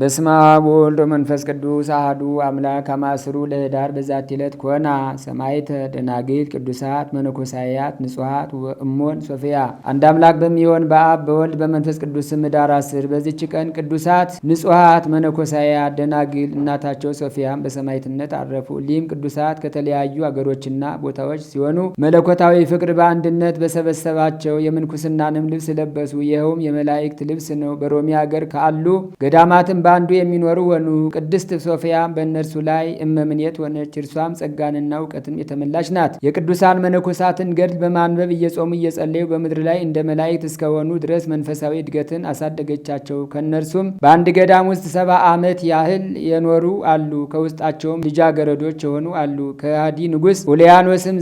በስመ አብ ወወልድ ወመንፈስ ቅዱስ አህዱ አምላክ አማስሩ ለህዳር በዛት ይለት ኮና ሰማዕተ ደናግል ቅዱሳት መነኮሳያት ንጹሐት እሞን ሶፊያ። አንድ አምላክ በሚሆን በአብ በወልድ በመንፈስ ቅዱስ ምዳር ህዳር አስር በዚች ቀን ቅዱሳት ንጹሐት መነኮሳያት ደናግል እናታቸው ሶፊያም በሰማይትነት አረፉ። ሊም ቅዱሳት ከተለያዩ አገሮችና ቦታዎች ሲሆኑ መለኮታዊ ፍቅር በአንድነት በሰበሰባቸው የምንኩስናንም ልብስ ለበሱ። ይኸውም የመላእክት ልብስ ነው። በሮሚ አገር ካሉ ገዳማትም በአንዱ የሚኖሩ ወኑ ቅድስት ሶፊያ በእነርሱ ላይ እመምኔት ሆነች። እርሷም ጸጋንና እውቀትን የተመላች ናት። የቅዱሳን መነኮሳትን ገድል በማንበብ እየጾሙ እየጸለዩ በምድር ላይ እንደ መላእክት እስከሆኑ ድረስ መንፈሳዊ እድገትን አሳደገቻቸው። ከእነርሱም በአንድ ገዳም ውስጥ ሰባ ዓመት ያህል የኖሩ አሉ። ከውስጣቸውም ልጃገረዶች የሆኑ አሉ። ከሃዲ ንጉስ ኡልያኖስም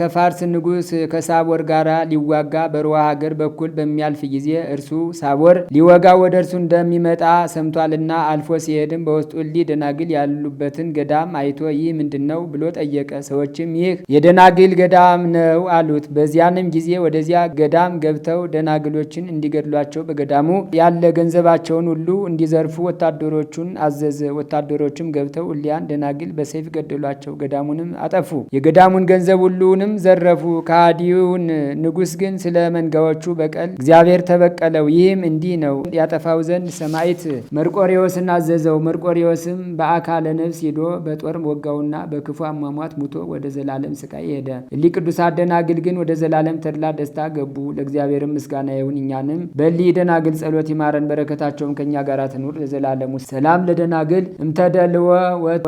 ከፋርስ ንጉስ ከሳቦር ጋር ሊዋጋ በሩዋ ሀገር በኩል በሚያልፍ ጊዜ እርሱ ሳቦር ሊወጋ ወደ እርሱ እንደሚመጣ ሰምቷል። ሲያልፍና አልፎ ሲሄድም በውስጡ እሊህ ደናግል ያሉበትን ገዳም አይቶ ይህ ምንድን ነው ብሎ ጠየቀ። ሰዎችም ይህ የደናግል ገዳም ነው አሉት። በዚያንም ጊዜ ወደዚያ ገዳም ገብተው ደናግሎችን እንዲገድሏቸው በገዳሙ ያለ ገንዘባቸውን ሁሉ እንዲዘርፉ ወታደሮቹን አዘዘ። ወታደሮቹም ገብተው እሊያን ደናግል በሰይፍ ገደሏቸው፣ ገዳሙንም አጠፉ። የገዳሙን ገንዘብ ሁሉንም ዘረፉ። ከሃዲውን ንጉሥ ግን ስለ መንጋዎቹ በቀል እግዚአብሔር ተበቀለው። ይህም እንዲህ ነው ያጠፋው ዘንድ ሰማይት መርቆ መርቆሬዎስን አዘዘው። መርቆሬዎስም በአካለ ነፍስ ሂዶ በጦር ወጋውና በክፉ አሟሟት ሙቶ ወደ ዘላለም ስቃይ ሄደ። እሊህ ቅዱሳን ደናግል ግን ወደ ዘላለም ተድላ ደስታ ገቡ። ለእግዚአብሔርም ምስጋና ይሁን፣ እኛንም በሊ ደናግል ጸሎት ይማረን፣ በረከታቸውም ከእኛ ጋር ትኑር ለዘላለሙ። ሰላም ለደናግል እምተደልወ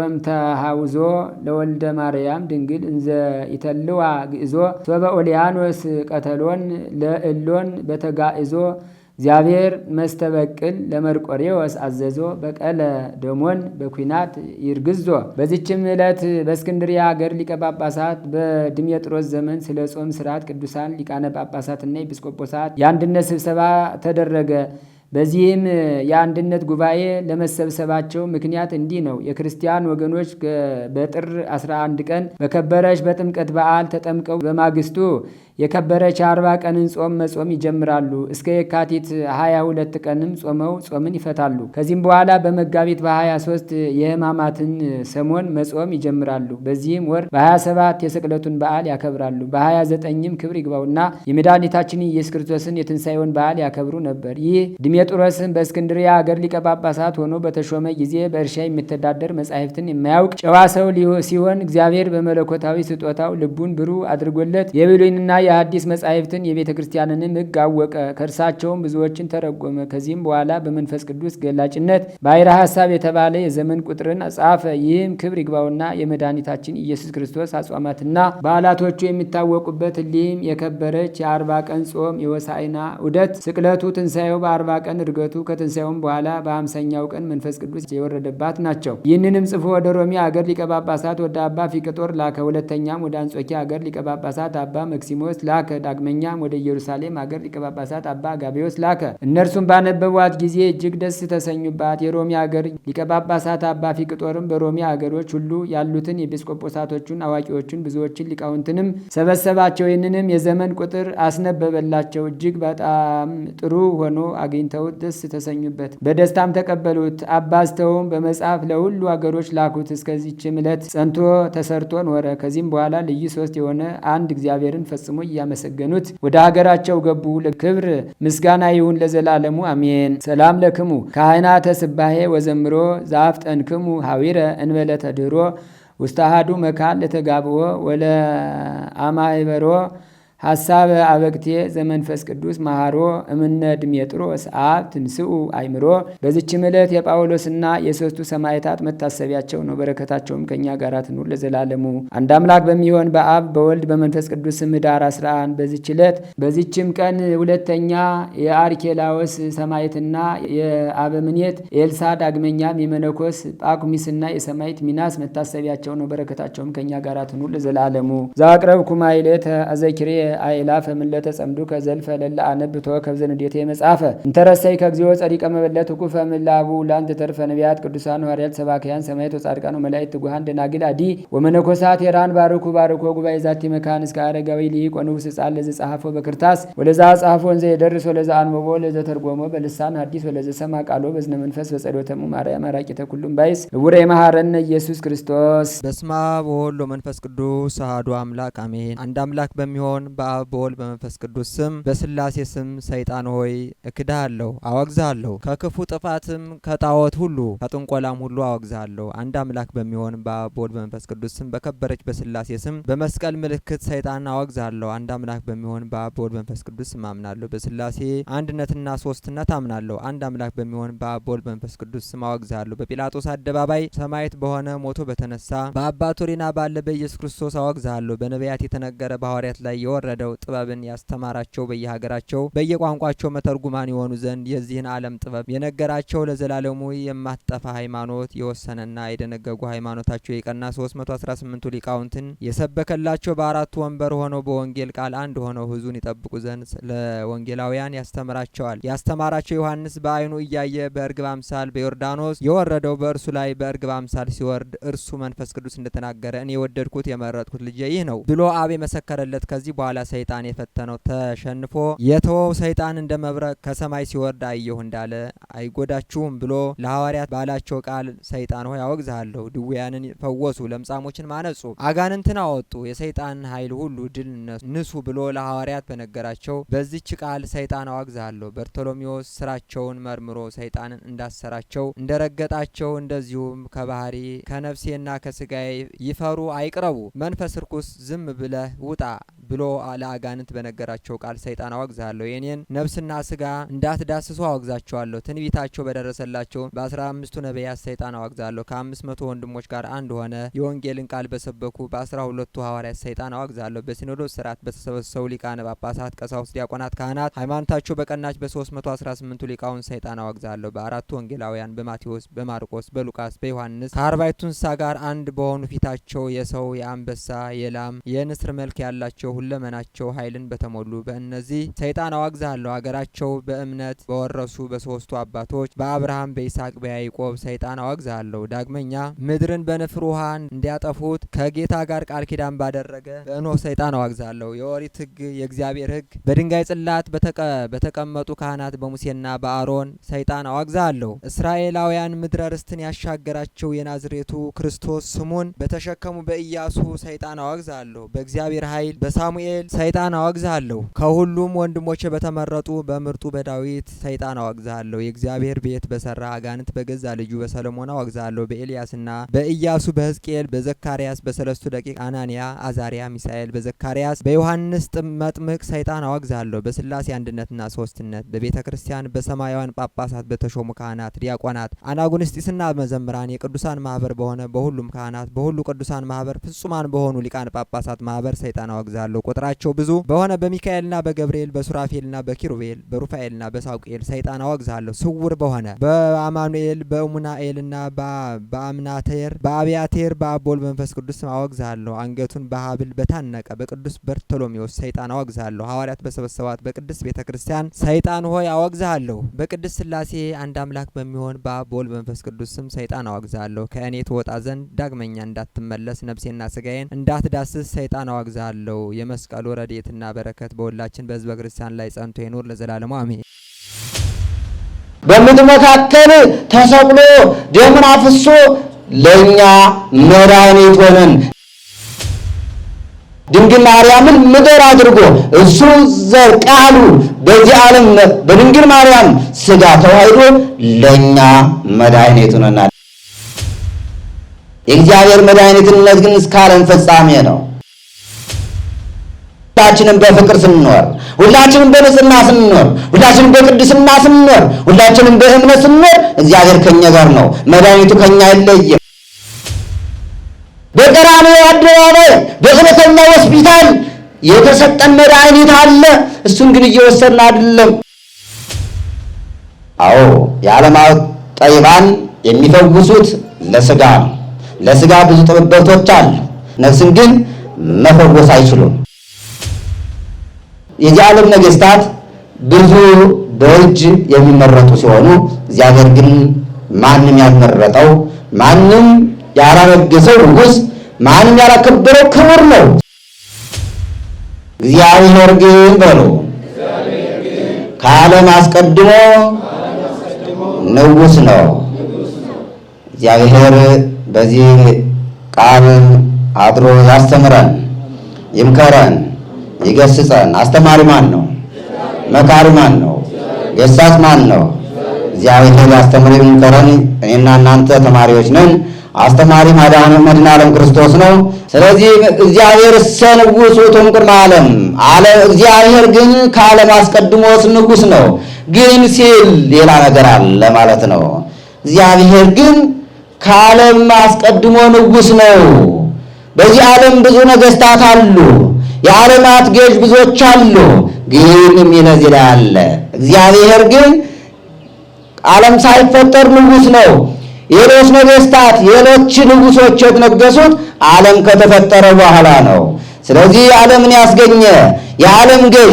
ወምተሃውዞ ለወልደ ማርያም ድንግል እንዘ ይተልዋ ግእዞ ሶበ ኦሊያኖስ ቀተሎን ለእሎን በተጋእዞ እግዚአብሔር መስተበቅል ለመርቆሬዎስ አዘዞ በቀለ ደሞን በኩናት ይርግዞ። በዚችም ዕለት በእስክንድሪ ሀገር ሊቀ ጳጳሳት በድሜጥሮስ ዘመን ስለ ጾም ስርዓት ቅዱሳን ሊቃነ ጳጳሳትና ኤጲስቆጶሳት የአንድነት ስብሰባ ተደረገ። በዚህም የአንድነት ጉባኤ ለመሰብሰባቸው ምክንያት እንዲህ ነው። የክርስቲያን ወገኖች በጥር 11 ቀን በከበረች በጥምቀት በዓል ተጠምቀው በማግስቱ የከበረች አርባ ቀንን ጾም መጾም ይጀምራሉ። እስከ የካቲት 22 ቀንም ጾመው ጾምን ይፈታሉ። ከዚህም በኋላ በመጋቢት በ23 የህማማትን ሰሞን መጾም ይጀምራሉ። በዚህም ወር በ27 የስቅለቱን በዓል ያከብራሉ። በ29ም ክብር ይግባውና የመድኃኒታችን ኢየሱስ ክርስቶስን የትንሣኤውን በዓል ያከብሩ ነበር። ይህ ድሜጥሮስን በእስክንድሪያ አገር ሊቀ ጳጳሳት ሆኖ በተሾመ ጊዜ በእርሻ የሚተዳደር መጻሕፍትን የማያውቅ ጨዋ ሰው ሲሆን እግዚአብሔር በመለኮታዊ ስጦታው ልቡን ብሩህ አድርጎለት የብሉይንና የአዲስ መጻሕፍትን የቤተ ክርስቲያንንም ሕግ አወቀ። ከእርሳቸውም ብዙዎችን ተረጎመ። ከዚህም በኋላ በመንፈስ ቅዱስ ገላጭነት ባይረ ሐሳብ የተባለ የዘመን ቁጥርን ጻፈ። ይህም ክብር ይግባውና የመድኃኒታችን ኢየሱስ ክርስቶስ አጽዋማትና በዓላቶቹ የሚታወቁበት እሊህም የከበረች የአርባ ቀን ጾም፣ የወሳይና ውደት፣ ስቅለቱ፣ ትንሣኤው፣ በአርባ ቀን እርገቱ ከትንሣኤውም በኋላ በአምሳኛው ቀን መንፈስ ቅዱስ የወረደባት ናቸው። ይህንንም ጽፎ ወደ ሮሚ አገር ሊቀ ጳጳሳት ወደ አባ ፊቅጦር ላከ። ሁለተኛም ወደ አንጾኪ አገር ሊቀ ጳጳሳት አባ መክሲሞ ጳጳሳት ላከ። ዳግመኛም ወደ ኢየሩሳሌም አገር ሊቀ ጳጳሳት አባ አጋቤዎስ ላከ። እነርሱም ባነበቧት ጊዜ እጅግ ደስ ተሰኙባት። የሮሚ አገር ሊቀ ጳጳሳት አባ ፊቅጦርም በሮሚ አገሮች ሁሉ ያሉትን ኤጲስቆጶሳቶቹን፣ አዋቂዎቹን፣ ብዙዎችን ሊቃውንትንም ሰበሰባቸው። ይህንንም የዘመን ቁጥር አስነበበላቸው። እጅግ በጣም ጥሩ ሆኖ አግኝተውት ደስ ተሰኙበት። በደስታም ተቀበሉት። አባዝተውም በመጽሐፍ ለሁሉ አገሮች ላኩት። እስከዚችም ዕለት ጸንቶ ተሰርቶ ኖረ። ከዚህም በኋላ ልዩ ሶስት የሆነ አንድ እግዚአብሔርን ፈጽሞ እያመሰገኑት ወደ ሀገራቸው ገቡ። ለክብር ምስጋና ይሁን ለዘላለሙ አሜን። ሰላም ለክሙ ካህናተ ስባሄ ወዘምሮ ዛፍ ጠንክሙ ሀዊረ እንበለ ተድሮ ውስታሃዱ መካን ለተጋብኦ ወለ አማይበሮ ሐሳበ አበቅቴ ዘመንፈስ ቅዱስ ማሃሮ እምነ ድሜጥሮስ አብ ትንስኡ አይምሮ። በዚችም ዕለት የጳውሎስና የሶስቱ ሰማዕታት መታሰቢያቸው ነው። በረከታቸውም ከእኛ ጋር ትኑር ለዘላለሙ። አንድ አምላክ በሚሆን በአብ በወልድ በመንፈስ ቅዱስ ኅዳር 11 በዚች ዕለት በዚችም ቀን ሁለተኛ የአርኬላዎስ ሰማዕትና የአበምኔት ኤልሳ ዳግመኛም የመነኮስ ጳኩሚስና የሰማዕት ሚናስ መታሰቢያቸው ነው። በረከታቸውም ከእኛ ጋር ትኑር ለዘላለሙ። ዛቅረብ ይሌተ አዘኪሬ አይላፈ ምለተ ጸምዱ ከዘልፈ ለላ አነብቶ ከብዘንዴቴ መጻፈ እንተረሰይ ከግዚኦ ጸዲቀ መበለት ኩፈ ምላቡ ላንተ ተርፈ ነቢያት ቅዱሳን ሐዋርያት ሰባክያን ሰማዕት ወጻድቃን ወመላእክት ትጉሃን ደናግል አዲ ወመነኮሳት የራን ባርኩ ባርኮ ጉባኤ ዛቲ መካን እስከ አረጋዊ ሊቅ ወንጉስ ሕፃን ለዘ ጸሐፎ በክርታስ ወለዛ ጸሐፎ ወንዘ የደርስ ወለዛ አንበቦ ለዘ ተርጎሞ በልሳን ሐዲስ ወለዘ ሰማ ቃሎ በዝነ መንፈስ በጸሎተሙ ማርያም አራቂተ ኩሉም ባይስ ውረ መሐረነ ኢየሱስ ክርስቶስ በስማ ወወልድ ወመንፈስ ቅዱስ አሐዱ አምላክ አሜን። አንድ አምላክ በሚሆን በአብ በወልድ በመንፈስ ቅዱስ ስም በስላሴ ስም ሰይጣን ሆይ እክድሃለሁ፣ አወግዛለሁ ከክፉ ጥፋትም ከጣዖት ሁሉ ከጥንቆላም ሁሉ አወግዛለሁ አንድ አምላክ በሚሆን በአብ በወልድ በመንፈስ ቅዱስ ስም በከበረች በስላሴ ስም በመስቀል ምልክት ሰይጣን አወግዛለሁ። አንድ አምላክ በሚሆን በአብ በወልድ በመንፈስ ቅዱስ ስም አምናለሁ። በስላሴ አንድነትና ሶስትነት አምናለሁ። አንድ አምላክ በሚሆን በአብ በወልድ በመንፈስ ቅዱስ ስም አወግዛለሁ። በጲላጦስ አደባባይ ሰማዕት በሆነ ሞቶ በተነሳ በአባ ቶሪና ባለ በኢየሱስ ክርስቶስ አወግዛለሁ። በነቢያት የተነገረ በሐዋርያት ላይ የወረ የፈረደው ጥበብን ያስተማራቸው በየሀገራቸው በየቋንቋቸው መተርጉማን የሆኑ ዘንድ የዚህን ዓለም ጥበብ የነገራቸው ለዘላለሙ የማትጠፋ ሃይማኖት የወሰነና የደነገጉ ሃይማኖታቸው የቀና 318ቱ ሊቃውንትን የሰበከላቸው በአራቱ ወንበር ሆነው በወንጌል ቃል አንድ ሆነው ህዙን ይጠብቁ ዘንድ ለወንጌላውያን ያስተምራቸዋል። ያስተማራቸው ዮሐንስ በአይኑ እያየ በእርግብ አምሳል በዮርዳኖስ የወረደው በእርሱ ላይ በእርግብ አምሳል ሲወርድ እርሱ መንፈስ ቅዱስ እንደተናገረ እኔ የወደድኩት የመረጥኩት ልጄ ይህ ነው ብሎ አብ የመሰከረለት ከዚህ በኋላ ሰይጣን የፈተነው ተሸንፎ የተወው ሰይጣን እንደ መብረቅ ከሰማይ ሲወርድ አየሁ እንዳለ አይጎዳችሁም ብሎ ለሐዋርያት ባላቸው ቃል ሰይጣን ሆይ አወግዝሃለሁ። ድውያንን ፈወሱ፣ ለምጻሞችን ማነጹ፣ አጋንንትን አወጡ፣ የሰይጣን ኃይል ሁሉ ድል ንሱ ብሎ ለሐዋርያት በነገራቸው በዚች ቃል ሰይጣን አወግዝሃለሁ። በርቶሎሚዎስ ስራቸውን መርምሮ ሰይጣንን እንዳሰራቸው እንደረገጣቸው እንደዚሁም ከባህሪ ከነፍሴና ከስጋዬ ይፈሩ አይቅረቡ መንፈስ ርኩስ ዝም ብለህ ውጣ ብሎ ለአጋንንት በነገራቸው ቃል ሰይጣን አወግዛለሁ፣ የኔን ነፍስና ስጋ እንዳትዳስሱ አወግዛቸዋለሁ። ትንቢታቸው በደረሰላቸው በአስራ አምስቱ ነቢያት ሰይጣን አወግዛለሁ። ከአምስት መቶ ወንድሞች ጋር አንድ ሆነ የወንጌልን ቃል በሰበኩ በአስራ ሁለቱ ሐዋርያት ሰይጣን አወግዛለሁ። በሲኖዶስ ስርዓት በተሰበሰቡ ሊቃነ ጳጳሳት፣ ቀሳውስት፣ ዲያቆናት፣ ካህናት ሃይማኖታቸው በቀናች በ አስራ ስምንቱ ሊቃውን ሰይጣን አወግዛለሁ። በአራቱ ወንጌላውያን በማቴዎስ፣ በማርቆስ፣ በሉቃስ፣ በዮሐንስ ከአርባይቱ እንስሳ ጋር አንድ በሆኑ ፊታቸው የሰው የአንበሳ የላም የንስር መልክ ያላቸው ሁለመናቸው ኃይልን በተሞሉ በእነዚህ ሰይጣን አዋግዛለሁ። አገራቸው በእምነት በወረሱ በሶስቱ አባቶች በአብርሃም በይስሐቅ በያይቆብ ሰይጣን አዋግዛለሁ። ዳግመኛ ምድርን በንፍር ውሃ እንዲያጠፉት ከጌታ ጋር ቃል ኪዳን ባደረገ በእኖህ ሰይጣን አዋግዛለሁ። የኦሪት ሕግ የእግዚአብሔር ሕግ በድንጋይ ጽላት በተቀመጡ ካህናት በሙሴና በአሮን ሰይጣን አዋግዛለሁ። እስራኤላውያን ምድረ ርስትን ያሻገራቸው የናዝሬቱ ክርስቶስ ስሙን በተሸከሙ በኢያሱ ሰይጣን አዋግዛለሁ። በእግዚአብሔር ኃይል በሳ ሳሙኤል ሰይጣን አወግዝሃለሁ፣ ከሁሉም ወንድሞች በተመረጡ በምርጡ በዳዊት ሰይጣን አወግዝሃለሁ፣ የእግዚአብሔር ቤት በሰራ አጋንንት በገዛ ልጁ በሰለሞን አወግዝሃለሁ፣ በኤልያስና በኢያሱ በህዝቅኤል በዘካርያስ በሰለስቱ ደቂቅ አናንያ፣ አዛሪያ፣ ሚሳኤል በዘካርያስ በዮሐንስ መጥምቅ ሰይጣን አወግዝሃለሁ፣ በስላሴ አንድነትና ሶስትነት በቤተ ክርስቲያን በሰማያውያን ጳጳሳት በተሾሙ ካህናት፣ ዲያቆናት፣ አናጉንስጢስና መዘምራን የቅዱሳን ማህበር በሆነ በሁሉም ካህናት በሁሉ ቅዱሳን ማህበር ፍጹማን በሆኑ ሊቃን ጳጳሳት ማህበር ሰይጣን አወግዝሃለሁ። አውቃለሁ። ቁጥራቸው ብዙ በሆነ በሚካኤልና በገብርኤል በሱራፌልና በኪሩቤል በሩፋኤልና በሳውቅኤል ሰይጣን አወግዛለሁ። ስውር በሆነ በአማኑኤል በሙናኤልና በአምናቴር በአብያቴር በአቦል መንፈስ ቅዱስ አወግዛለሁ። አንገቱን በሀብል በታነቀ በቅዱስ በርቶሎሜዎስ ሰይጣን አወግዛለሁ። ሐዋርያት በሰበሰባት በቅድስት ቤተ ክርስቲያን ሰይጣን ሆይ አወግዛለሁ። በቅድስት ስላሴ አንድ አምላክ በሚሆን በአቦል መንፈስ ቅዱስ ስም ሰይጣን አወግዛለሁ። ከእኔ ትወጣ ዘንድ ዳግመኛ እንዳትመለስ ነብሴና ስጋዬን እንዳትዳስስ ሰይጣን አወግዛለሁ። የመስቀሉ ረድኤትና በረከት በሁላችን በህዝበ ክርስቲያን ላይ ጸንቶ ይኑር ለዘላለሙ አሜን። በምድር መካከል ተሰቅሎ ደምን አፍሶ ለእኛ መድኃኒት ሆነን ድንግል ማርያምን ምድር አድርጎ እሱ ዘር ቃሉ በዚህ ዓለም በድንግል ማርያም ስጋ ተዋህዶ ለእኛ መድኃኒት ሆነናል። የእግዚአብሔር መድኃኒትነት ግን እስካለን ፍጻሜ ነው። ሁላችንም በፍቅር ስንኖር፣ ሁላችንም በንጽህና ስንኖር፣ ሁላችንም በቅድስና ስንኖር፣ ሁላችንም በእምነት ስንኖር እግዚአብሔር ከኛ ጋር ነው። መድኃኒቱ ከኛ አይለይም። በቀራንዮ አደባባይ በእውነተኛ ሆስፒታል የተሰጠን መድኃኒት አለ። እሱን ግን እየወሰድን አይደለም። አዎ የዓለማዊ ጠይባን የሚፈውሱት ለስጋ ለስጋ ብዙ ጥበቦች አሉ። ነፍስን ግን መፈወስ አይችሉም። የጃለም ነገስታት ብዙ በእጅ የሚመረጡ ሲሆኑ እግዚአብሔር ግን ማንም ያልመረጠው ማንም ያላነገሰው ንጉስ ማንም ያላከበረው ክብር ነው። እግዚአብሔር ግን በሉ ከዓለም አስቀድሞ ንጉስ ነው። እግዚአብሔር በዚህ ቃል አድሮ ያስተምረን ይምከረን። ይገስጸን። አስተማሪ ማን ነው? መካሪ ማን ነው? ገሳጽ ማን ነው? እግዚአብሔር አስተምሪ ምንከረን። እኔና እናንተ ተማሪዎች ነን። አስተማሪ መድኃኔ ዓለም ክርስቶስ ነው። ስለዚህ እግዚአብሔር እሰ ንጉሥ ውእቱ እምቅድመ ዓለም አለ። እግዚአብሔር ግን ከዓለም አስቀድሞስ ንጉሥ ነው። ግን ሲል ሌላ ነገር አለ ማለት ነው። እግዚአብሔር ግን ከዓለም አስቀድሞ ንጉስ ነው። በዚህ ዓለም ብዙ ነገስታት አሉ። የዓለማት ገዥ ብዙዎች አሉ፣ ግን የሚነዝ አለ። እግዚአብሔር ግን ዓለም ሳይፈጠር ንጉሥ ነው። የሌሎች ነገስታት የሌሎች ንጉሶች የተነገሱት ዓለም ከተፈጠረ በኋላ ነው። ስለዚህ ዓለምን ያስገኘ የዓለም ገዥ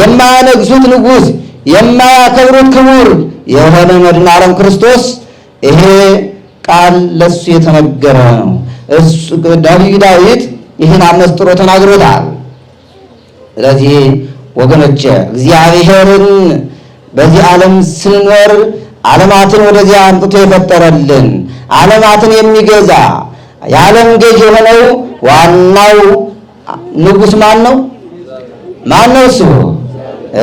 የማያነግሱት ንጉስ የማያከብሩት ክቡር የሆነ መድን ዓለም ክርስቶስ ይሄ ቃል ለሱ የተነገረ ነው። ነቢዩ ዳዊት ይህን አመስጥሮ ተናግሮታል። ስለዚህ ወገኖች እግዚአብሔርን በዚህ ዓለም ስንኖር ዓለማትን ወደዚህ አምጥቶ የፈጠረልን ዓለማትን የሚገዛ የዓለም ገዥ የሆነው ዋናው ንጉሥ ማን ነው? ማን ነው? እሱ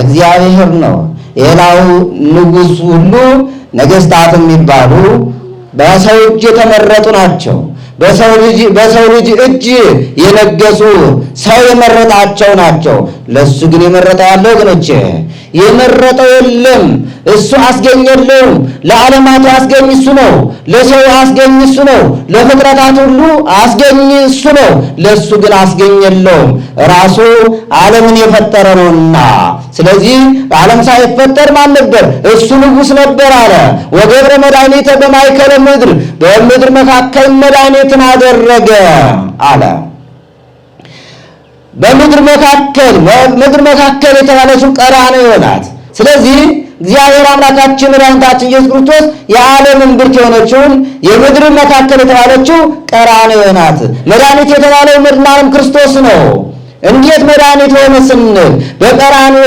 እግዚአብሔር ነው። ሌላው ንጉሥ ሁሉ ነገስታት የሚባሉ በሰዎች የተመረጡ ናቸው። በሰው ልጅ እጅ የነገሱ ሰው የመረጣቸው ናቸው። ለእሱ ግን የመረጠው አለ ወገኖቼ? የመረጠው የለም። እሱ አስገኘለውም። ለዓለማቱ አስገኝ እሱ ነው። ለሰው አስገኝ እሱ ነው። ለፍጥረታት ሁሉ አስገኝ እሱ ነው። ለእሱ ግን አስገኘለውም። ራሱ ዓለምን የፈጠረ ነውና፣ ስለዚህ ዓለም ሳይፈጠር ማን ነበር? እሱ ንጉሥ ነበር አለ። ወገብረ መድኃኒተ በማይከለ ምድር፣ በምድር መካከል መድኃኒት ቤትን አደረገ አለ። በምድር መካከል ምድር መካከል የተባለችው ቀራንዮ ናት። ስለዚህ እግዚአብሔር አምላካችን መድኃኒታችን ኢየሱስ ክርስቶስ የዓለምን ብርት የሆነችውን የምድር መካከል የተባለችው ቀራንዮ ናት። መድኃኒት የተባለው መድኃኔዓለም ክርስቶስ ነው። እንዴት መድኃኒት ሆነ ስንል በቀራንዮ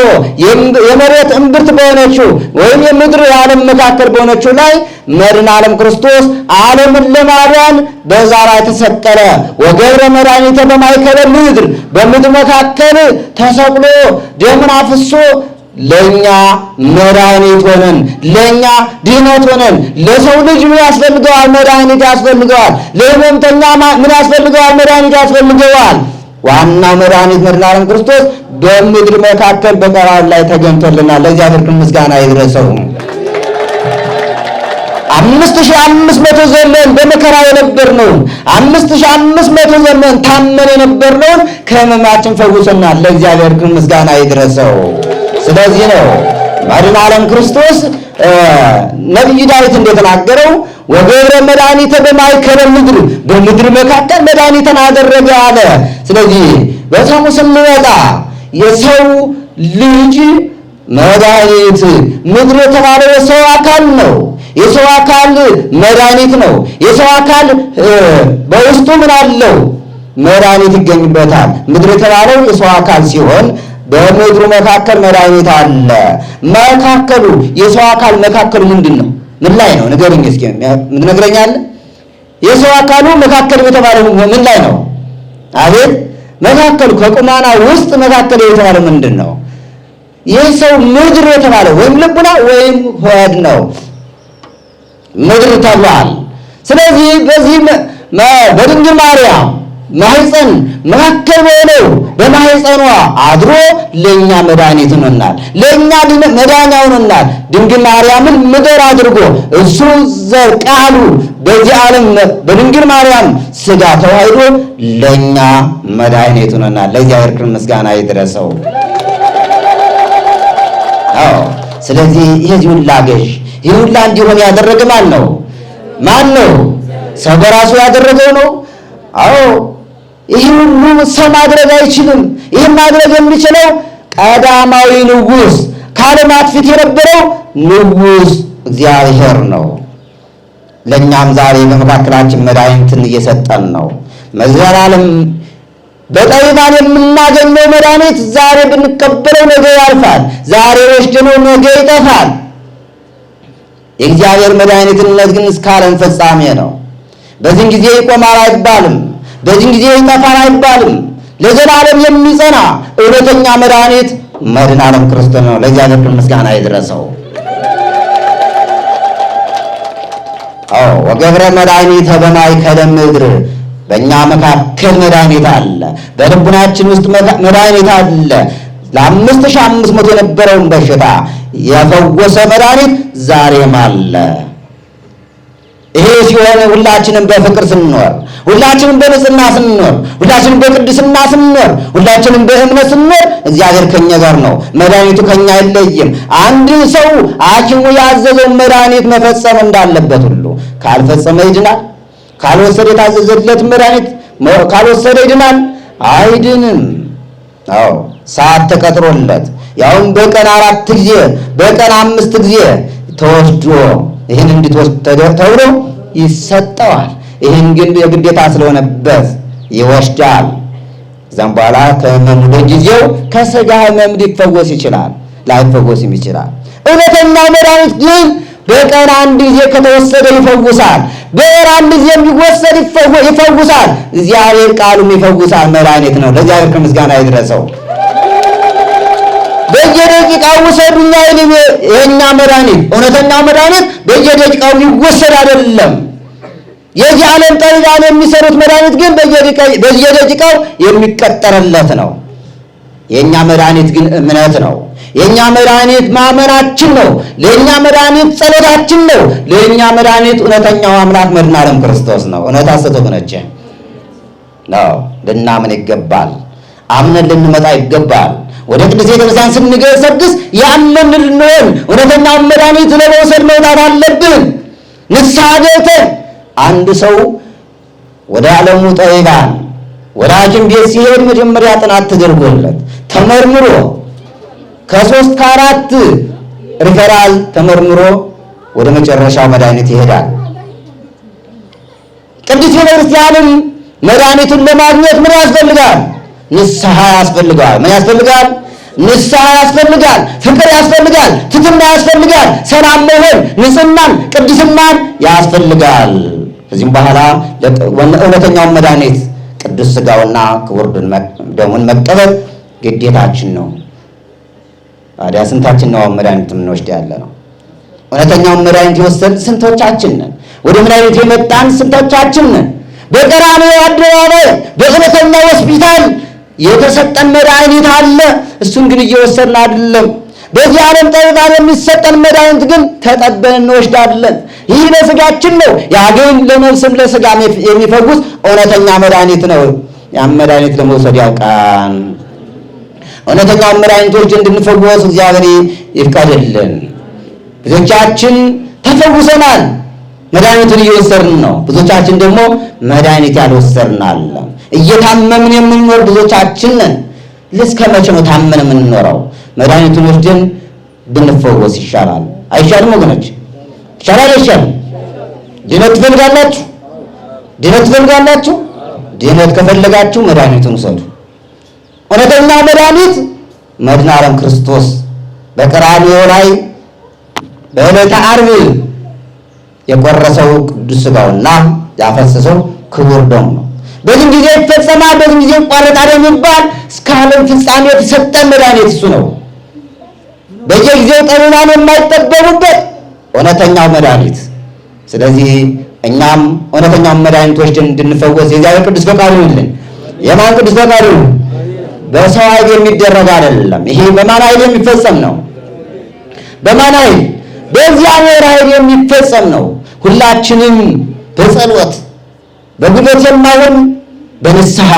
የመሬት እምብርት በሆነችው ወይም የምድር የዓለም መካከል በሆነችው ላይ መድን ዓለም ክርስቶስ ዓለምን ለማዳን በዛራ ተሰቀለ። ወገብረ መድኃኒተ በማይከለ ምድር በምድር መካከል ተሰቅሎ ደምን አፍሶ ለእኛ መድኃኒት ሆነን ለእኛ ድህነት ሆነን። ለሰው ልጅ ምን ያስፈልገዋል? መድኃኒት ያስፈልገዋል። ለሕመምተኛ ምን ያስፈልገዋል? መድኃኒት ያስፈልገዋል። ዋናው መድኃኒት መድኃኔዓለም ክርስቶስ በምድር መካከል በቀራንዮ ላይ ተገኝቶልናል። ለእግዚአብሔር ክብር ምስጋና ይድረሰው። አምስት ሺህ አምስት መቶ ዘመን በመከራ የነበርነውን አምስት ሺህ አምስት መቶ ዘመን ታመን የነበርነውን ከሕመማችን ፈውሶናል። ለእግዚአብሔር ክብር ምስጋና ይድረሰው። ስለዚህ ነው ዓለም ክርስቶስ ነቢዩ ዳዊት እንደተናገረው ወገብረ መድኃኒተ በማእከለ ምድር፣ በምድር መካከል መድኃኒተን አደረገ አለ። ስለዚህ በሰሙ ስንመጣ የሰው ልጅ መድኃኒት ምድር የተባለው የሰው አካል ነው። የሰው አካል መድኃኒት ነው። የሰው አካል በውስጡ ምን አለው? መድኃኒት ይገኝበታል። ምድር የተባለው የሰው አካል ሲሆን በምድሩ መካከል መድኃኒት አለ። መካከሉ የሰው አካል መካከሉ ምንድን ነው? ምን ላይ ነው? ንገረኝ እስኪ ትነግረኛለህ? የሰው አካሉ መካከሉ የተባለው ምን ላይ ነው? አቤት መካከሉ ከቁማና ውስጥ መካከል የተባለው ምንድን ነው? ይህ ሰው ምድር የተባለው ወይም ልቡና ወይም ሆድ ነው፣ ምድር ተብሏል። ስለዚህ በዚህ በድንግል ማርያም ማህፀን መካከል በሆነው በማኅፀኗ አድሮ ለእኛ መድኃኒት ሆኖናል፣ ለእኛ መዳኛ ሆኖናል። ድንግል ማርያምን ምድር አድርጎ እሱ ዘር ቃሉ በዚህ ዓለም በድንግል ማርያም ሥጋ ተዋህዶ ለእኛ መድኃኒት ሆኖናል። ለእግዚአብሔር ክብር ምስጋና ይድረሰው። ስለዚህ ይህ ሁላ ገዥ ይህ ሁላ እንዲሆን ያደረገ ማን ነው? ማን ነው? ሰው በራሱ ያደረገው ነው። አዎ ይህ ሁሉ ሰው ማድረግ አይችልም። ይህ ማድረግ የሚችለው ቀዳማዊ ንጉሥ ከዓለማት ፊት የነበረው ንጉሥ እግዚአብሔር ነው። ለእኛም ዛሬ በመካከላችን መድኃኒትን እየሰጠን ነው። መዘላለም በጠቢባን የምናገኘው መድኃኒት ዛሬ ብንቀበለው ነገ ያልፋል። ዛሬ ወስደነው ነገ ይጠፋል። የእግዚአብሔር መድኃኒትነት ግን እስከ ዓለም ፍጻሜ ነው። በዚህም ጊዜ ይቆማል አይባልም። በዚህ ጊዜ ይጠፋል አይባልም። ለዘላለም የሚጸና እውነተኛ መድኃኒት መድኃኔዓለም ክርስቶስ ነው። ለእግዚአብሔር ምስጋና ይድረሰው። አዎ ወገብረ መድኃኒተ በማእከለ ምድር፣ በእኛ መካከል መድኃኒት አለ፣ በልቡናችን ውስጥ መድኃኒት አለ። ለአምስት ሺህ አምስት መቶ የነበረውን በሽታ የፈወሰ መድኃኒት ዛሬም አለ። ይሄ ሲሆን ሁላችንም በፍቅር ስንኖር፣ ሁላችንም በንጽህና ስንኖር፣ ሁላችንም በቅድስና ስንኖር፣ ሁላችንም በእምነት ስንኖር እግዚአብሔር ከኛ ጋር ነው። መድኃኒቱ ከኛ አይለይም። አንድ ሰው ሐኪሙ ያዘዘውን መድኃኒት መፈጸም እንዳለበት ሁሉ ካልፈጸመ ይድናል። ካልወሰደ የታዘዘለት መድኃኒት ካልወሰደ ይድናል አይድንም። አዎ ሰዓት ተቀጥሮለት ያውም በቀን አራት ጊዜ በቀን አምስት ጊዜ ተወስዶ ይህን እንድትወስድ ተብሎ ይሰጠዋል። ይህን ግን የግዴታ ስለሆነበት ይወስዳል። ከዛም በኋላ ከህመሙ በጊዜው ከስጋ ህመም ሊፈወስ ይችላል፣ ላይፈወስም ይችላል። እውነተኛ መድኃኒት ግን በቀን አንድ ጊዜ ከተወሰደ ይፈውሳል። በወር አንድ ጊዜ የሚወሰድ ይፈውሳል። እግዚአብሔር ቃሉም ይፈውሳል፣ መድኃኒት ነው። ለእግዚአብሔር ከምስጋና ይድረሰው። በየደቂቃው ውሰዱኛ አይልም። የኛ መድኃኒት እውነተኛ መድኃኒት በየደቂቃው ይወሰድ አይደለም። የዚህ ዓለም ጠቢባን የሚሰሩት መድኃኒት ግን በየደቂቃው የሚቀጠርለት ነው። የእኛ መድኃኒት ግን እምነት ነው። የእኛ መድኃኒት ማመናችን ነው። ለእኛ መድኃኒት ጸሎታችን ነው። ለእኛ መድኃኒት እውነተኛው አምላክ መድኃኔዓለም ክርስቶስ ነው። እውነት ሐሰት ነው። ልናምን ይገባል። አምነን ልንመጣ ይገባል። ወደ ቅዱስ ቤተክርስቲያን ስንገሰግስ ያመን ልንሆን እውነተኛውን መድኃኒት ለመውሰድ መውጣት አለብን። ንስሐ ገብተን አንድ ሰው ወደ ዓለሙ ጠቢባን ወደ አጅም ቤት ሲሄድ መጀመሪያ ጥናት ተደርጎለት ተመርምሮ ከሶስት ከአራት ሪፈራል ተመርምሮ ወደ መጨረሻው መድኃኒት ይሄዳል። ቅዱስ ቤተክርስቲያንም መድኃኒቱን ለማግኘት ምን ያስፈልጋል? ንስሐ ያስፈልገዋል። ምን ያስፈልጋል? ንስሐ ያስፈልጋል። ፍቅር ያስፈልጋል። ትትና ያስፈልጋል። ሰላም መሆን፣ ንጽህናን፣ ቅድስናን ያስፈልጋል። ከዚህም በኋላ እውነተኛውን መድኃኒት ቅዱስ ስጋውና ክቡር ደሙን መቀበል ግዴታችን ነው። ታዲያ ስንታችን ነው መድኃኒት የምንወስድ ያለ ነው? እውነተኛውን መድኃኒት የወሰድ ስንቶቻችን ነን? ወደ መድኃኒት የመጣን ስንቶቻችን ነን? በቀራንዮ አደባባይ በእውነተኛ ሆስፒታል የተሰጠን መድኃኒት አለ። እሱን ግን እየወሰድን አይደለም። በዚህ ዓለም ጠጥታ የሚሰጠን መድኃኒት ግን ተጠበን እንወስዳለን። ይህ ለስጋችን ነው፣ ያ ግን ለነፍስም ለስጋ የሚፈውስ እውነተኛ መድኃኒት ነው። ያም መድኃኒት ለመውሰድ ያውቃን። እውነተኛ መድኃኒቶች እንድንፈወስ እግዚአብሔር ይፍቀድልን። ብዙቻችን ተፈውሰናል፣ መድኃኒቱን እየወሰድን ነው። ብዙቻችን ደግሞ መድኃኒት ያልወሰድን እየታመምን የምንኖር ብዙዎቻችን ነን። እስከ መቼ ነው ታመን የምንኖረው? መድኃኒቱን ወስደን ብንፈወስ ይሻላል አይሻልም? ወገኖች ይሻላል አይሻልም? ድነት ትፈልጋላችሁ? ድነት ትፈልጋላችሁ? ድነት ከፈለጋችሁ መድኃኒቱን ውሰዱ። እውነተኛ መድኃኒት መድኃኔ ክርስቶስ በቀራንዮ ላይ በዕለተ ዓርብ የቆረሰው ቅዱስ ሥጋውና ያፈሰሰው ክቡር ደም ነው። በዚህም ጊዜ ይፈጸማል፣ በዚህም ጊዜ ይቋረጣል የሚባል እስከ ዓለም ፍጻሜ የተሰጠ መድኃኒት እሱ ነው። በየጊዜው ጠሩናን የማይጠበቡበት እውነተኛው መድኃኒት። ስለዚህ እኛም እውነተኛውን መድኃኒቶች እንድንፈወስ የእግዚአብሔር ቅዱስ ፈቃዱ ይሁንልን። የማን ቅዱስ ፈቃዱ? በሰው ኃይል የሚደረግ አይደለም። ይሄ በማን ኃይል የሚፈጸም ነው? በማን ኃይል? በእግዚአብሔር ኃይል የሚፈጸም ነው። ሁላችንም በጸሎት በጉልበት የማይሆን በንስሐ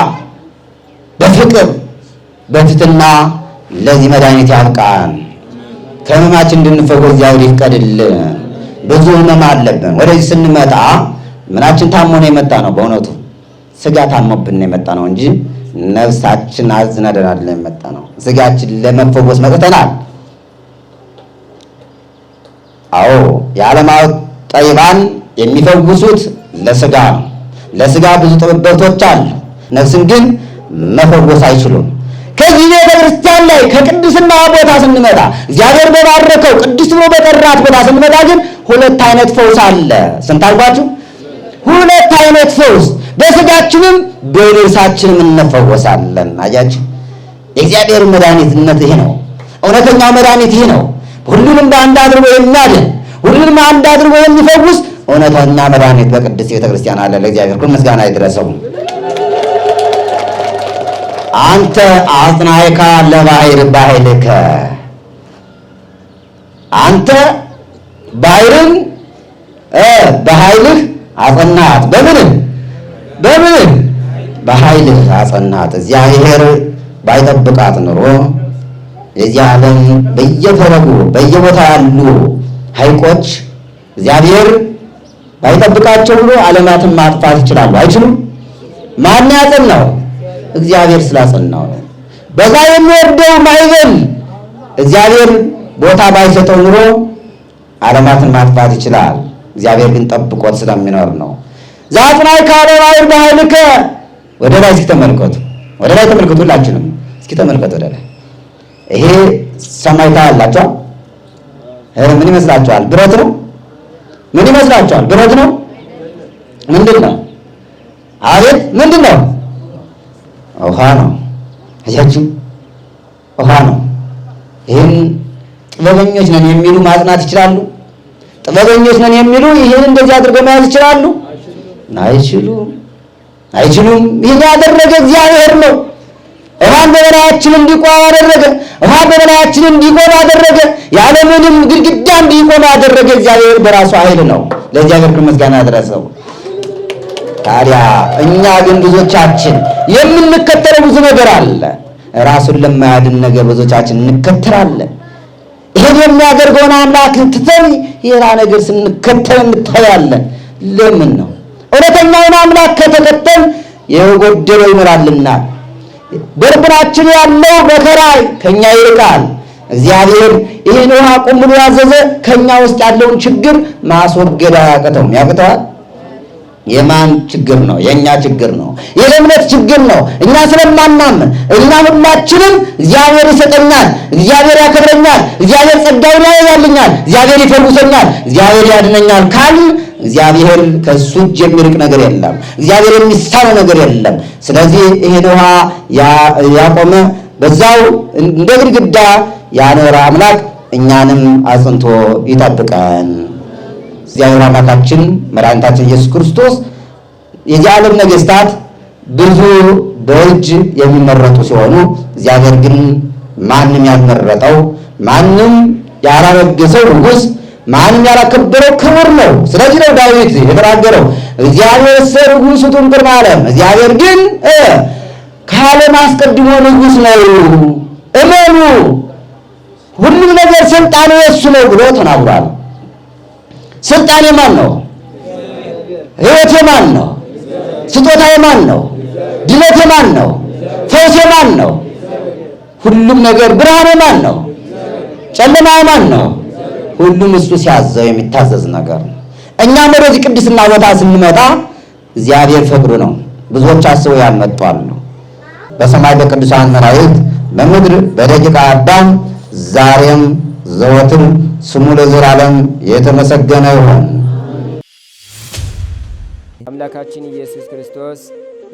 በፍቅር በትትና ለዚህ መድኃኒት ያብቃን። ከህመማችን እንድንፈወስ እግዚአብሔር ይፍቀድልን። ብዙ ህመም አለብን። ወደዚህ ስንመጣ ምናችን ታሞ ነው የመጣ ነው። በእውነቱ ስጋ ታሞብን ነው የመጣ ነው እንጂ ነፍሳችን አዝና ደናለን የመጣ ነው። ስጋችን ለመፈወስ መጥተናል። አዎ የዓለማዊ ጠይባን የሚፈውሱት ለስጋ ነው። ለስጋ ብዙ ጥብብቶች አሉ፣ ነፍስን ግን መፈወስ አይችሉም። ከዚህ ቤተ ክርስቲያን ላይ ከቅድስና ቦታ ስንመጣ እግዚአብሔር በባረከው ቅዱስ ብሎ በጠራት ቦታ ስንመጣ ግን ሁለት አይነት ፈውስ አለ። ስንት አልኳችሁ? ሁለት አይነት ፈውስ በስጋችንም በነፍሳችንም እንፈወሳለን። አያችሁ፣ የእግዚአብሔር መድኃኒትነት ይሄ ነው። እውነተኛው መድኃኒት ይሄ ነው። ሁሉንም በአንድ አድርጎ የሚያድን ሁሉንም አንድ አድርጎ የሚፈውስ እውነቷና መድኃኒት በቅድስት ቤተክርስቲያን አለ። ለእግዚአብሔር ኩል ምስጋና ይድረሰው። አንተ አጽናይካ ለባህር ባህልከ አንተ ባህርን በኃይልህ አጸናት። በምንም በምንም በኃይልህ አጸናት። እግዚአብሔር ባይጠብቃት ኑሮ የዚህ ዓለም በየፈለጉ በየቦታ ያሉ ሐይቆች እግዚአብሔር ባይጠብቃቸው ብሎ ዓለማትን ማጥፋት ይችላሉ። አይችሉም። ማን ያጸናው? እግዚአብሔር ስላጸናው ነው። በዛ የሚወርደው ማዕበል እግዚአብሔር ቦታ ባይሰጠው ኑሮ ዓለማትን ማጥፋት ይችላል። እግዚአብሔር ግን ጠብቆት ስለሚኖር ነው። ዘአጽናዕከ ከዓለም አዕርድ ኃይልከ። ወደ ላይ እስኪ ተመልከቱ፣ ወደ ላይ ተመልከቱ። ሁላችንም እስኪ ተመልከቱ ወደ ላይ። ይሄ ሰማይ ታያላችሁ። ምን ይመስላችኋል? ብረት ነው ምን ይመስላችኋል? ብረት ነው? ምንድን ነው? አቤት ምንድን ነው? ውሃ ነው። አያችሁ፣ ውሃ ነው። ይህን ጥበበኞች ነን የሚሉ ማጽናት ይችላሉ? ጥበበኞች ነን የሚሉ ይህን እንደዚህ አድርገው መያዝ ይችላሉ? አይችሉም፣ አይችሉም። ይህን ያደረገ እግዚአብሔር ነው። ውሃን በበላያችን እንዲቆም አደረገ። ውሃን በበላያችን እንዲቆም አደረገ። ያለምንም ግድግዳ እንዲቆም አደረገ። እግዚአብሔር በራሱ ኃይል ነው። ለእግዚአብሔር ክብር ምስጋና ያድረሰው። ታዲያ እኛ ግን ብዙዎቻችን የምንከተለው ብዙ ነገር አለ። ራሱን ለማያድን ነገር ብዙዎቻችን እንከተላለን። ይህን የሚያደርገውን አምላክን ትተን የራ ነገር ስንከተል እንታያለን። ለምን ነው? እውነተኛውን አምላክ ከተከተል የጎደለው ይኖራልና በልቡናችን ያለው መከራ ከኛ ይርቃል። እግዚአብሔር ይህን ውሃ ቁም ብሎ ያዘዘ ከኛ ውስጥ ያለውን ችግር ማስወገድ አያቅተውም። ያቅተዋል? የማን ችግር ነው? የእኛ ችግር ነው። የእምነት ችግር ነው። እኛ ስለማናምን እኛ ሁላችንም እግዚአብሔር ይሰጠኛል፣ እግዚአብሔር ያከብረኛል፣ እግዚአብሔር ጸጋውን ያያልኛል፣ እግዚአብሔር ይፈውሰኛል፣ እግዚአብሔር ያድነኛል ካልን እግዚአብሔር ከሱ እጅ የሚርቅ ነገር የለም። እግዚአብሔር የሚሳነው ነገር የለም። ስለዚህ ይሄን ውሃ ያቆመ በዛው እንደ ግድግዳ ያኖረ አምላክ እኛንም አጽንቶ ይጠብቀን። እግዚአብሔር አምላካችን መድኃኒታችን ኢየሱስ ክርስቶስ የዚህ ዓለም ነገስታት ብዙ በእጅ የሚመረጡ ሲሆኑ እግዚአብሔር ግን ማንም ያልመረጠው ማንም ያላረገሰው ንጉሥ ማን ያላከበረው ክብር ነው። ስለዚህ ነው ዳዊት የተናገረው እግዚአብሔር ሰርጉ ስቱን ውእቱ እግዚአብሔር ግን ከዓለም አስቀድሞ ንጉስ ነው፣ እመኑ ሁሉም ነገር ስልጣን የሱ ነው ብሎ ተናግሯል። ስልጣን የማን ነው? ሕይወት የማን ነው? ስጦታ የማን ነው? ድነት የማን ነው? ፈውስ የማን ነው? ሁሉም ነገር ብርሃን የማን ነው? ጨለማ የማን ነው? ሁሉም እሱ ሲያዘው የሚታዘዝ ነገር ነው። እኛም ወደዚህ ቅድስና ቦታ ስንመጣ እግዚአብሔር ፈቅዱ ነው። ብዙዎች አስበው ያልመጥቷል ነው። በሰማይ በቅዱሳን መላእክት በምድር በደቂቀ አዳም ዛሬም ዘወትም ስሙ ለዘላለም የተመሰገነ ይሁን። አምላካችን ኢየሱስ ክርስቶስ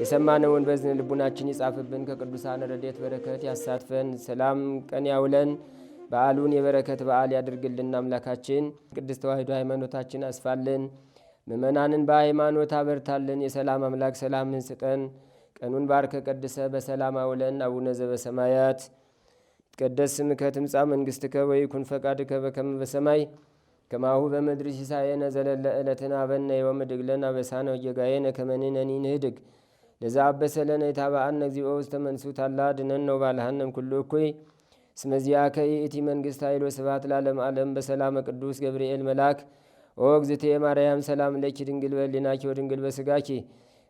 የሰማነውን በዝን ልቡናችን ይጻፍብን፣ ከቅዱሳን ረድኤት በረከት ያሳትፈን፣ ሰላም ቀን ያውለን። በዓሉን የበረከት በዓል ያድርግልን። አምላካችን ቅድስት ተዋሕዶ ሃይማኖታችን አስፋልን፣ ምእመናንን በሃይማኖት አበርታልን። የሰላም አምላክ ሰላምን ስጠን። ቀኑን ባርከ ቀድሰ በሰላም አውለን። አቡነ ዘበሰማያት ይትቀደስ ስምከ ትምጻእ መንግሥትከ ወይኩን ፈቃድከ በከመ በሰማይ ከማሁ በምድር ሲሳየነ ዘለለ ዕለትነ ሀበነ ዮም ወኅድግ ለነ አበሳነ ወጌጋየነ ከመ ንሕነኒ ንኅድግ ለዘ አበሰ ለነ ኢታብአነ እግዚኦ ውስተ መንሱት አላ አድኅነነ ወባልሐነ እምኩሉ እኩይ ስመዚያ ከይእቲ መንግስት ኃይሎ ስብሐት ላለም ዓለም በሰላም ቅዱስ ገብርኤል መልአክ ኦ እግዝእቴ ማርያም ሰላም ለኪ ድንግል በሊናኪ ወድንግል በስጋኪ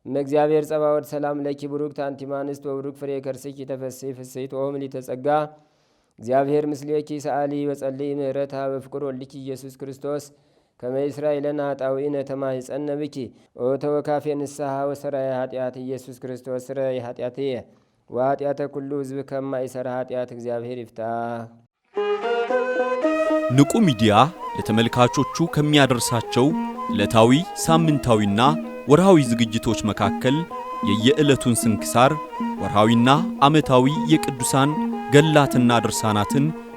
እመእግዚአብሔር ጸባወድ ሰላም ለኪ ብሩክ ታንቲማንስት እምአንስት ወብሩክ ፍሬ ከርስኪ ተፈሥሒ ፍሥሕት ኦም ሊተጸጋ እግዚአብሔር ምስሌኪ ሰአሊ በጸልይ ምህረታ በፍቅር ወልኪ ኢየሱስ ክርስቶስ ከመ እስራኤልና አጣዊነ ተማይጸነ ብኪ ኦ ተወካፌ ንስሐ ወሰራይ ኃጢአት ኢየሱስ ክርስቶስ ስረይ ኃጢአትየ ወኃጢአተ ኩሉ ህዝብ ከማ ከማይሠራ ኃጢአት እግዚአብሔር ይፍታ። ንቁ ሚዲያ ለተመልካቾቹ ከሚያደርሳቸው ዕለታዊ ሳምንታዊና ወርሃዊ ዝግጅቶች መካከል የየዕለቱን ስንክሳር ወርሃዊና ዓመታዊ የቅዱሳን ገላትና ድርሳናትን